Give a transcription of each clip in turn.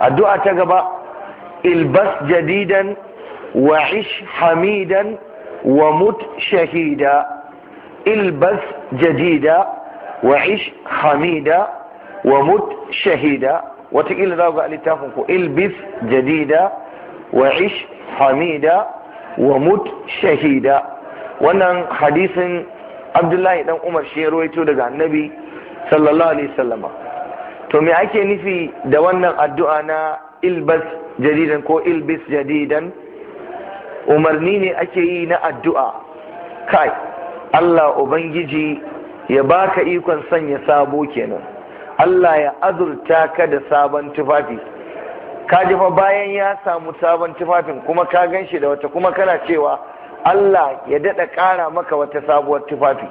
addu'a ta gaba ilbas jadidan wa ish hamidan wa mut shahida ilbas jadida wa ish hamida wa mut shahida watakila za ga littafin ku ilbis jadida wa ish hamida wa mut shahida wannan hadisin abdullahi dan umar shi ya daga annabi sallallahu alaihi to me ake nufi da wannan addu'a na ilbas jadidan ko ilbis jadidan umarni ne ake yi na addu'a kai Allah Ubangiji ya baka ikon sanya sabo kenan Allah ya azurta ka da sabon tufafi ka ji fa bayan ya samu sabon tufafin kuma ka gan shi da wata kuma kana cewa Allah ya daɗa ƙara maka wata sabuwar tufafi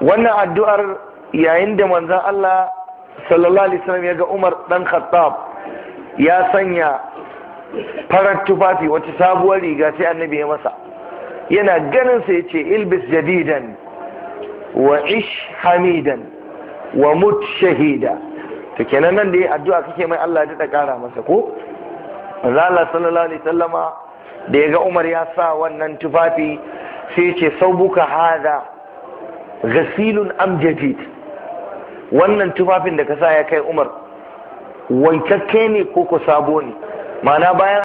wannan addu'ar yayin da manzan Allah sallallahu alaihi wasallam ya ga umar dan khattab ya sanya farar tufafi wata sabuwar riga sai annabi ya masa yana ganin sa yace ilbis jadidan wa ish hamidan wa mut shahida to kenan nan da ya addu'a kake mai Allah ya kara masa ko manzo Allah sallallahu alaihi wasallama da ya ga Umar ya sa wannan tufafi sai yace saubuka hada ghasilun am jadid wannan tufafin da ka sa ya kai umar wankakke ne ko ko sabo ne ma'ana bayan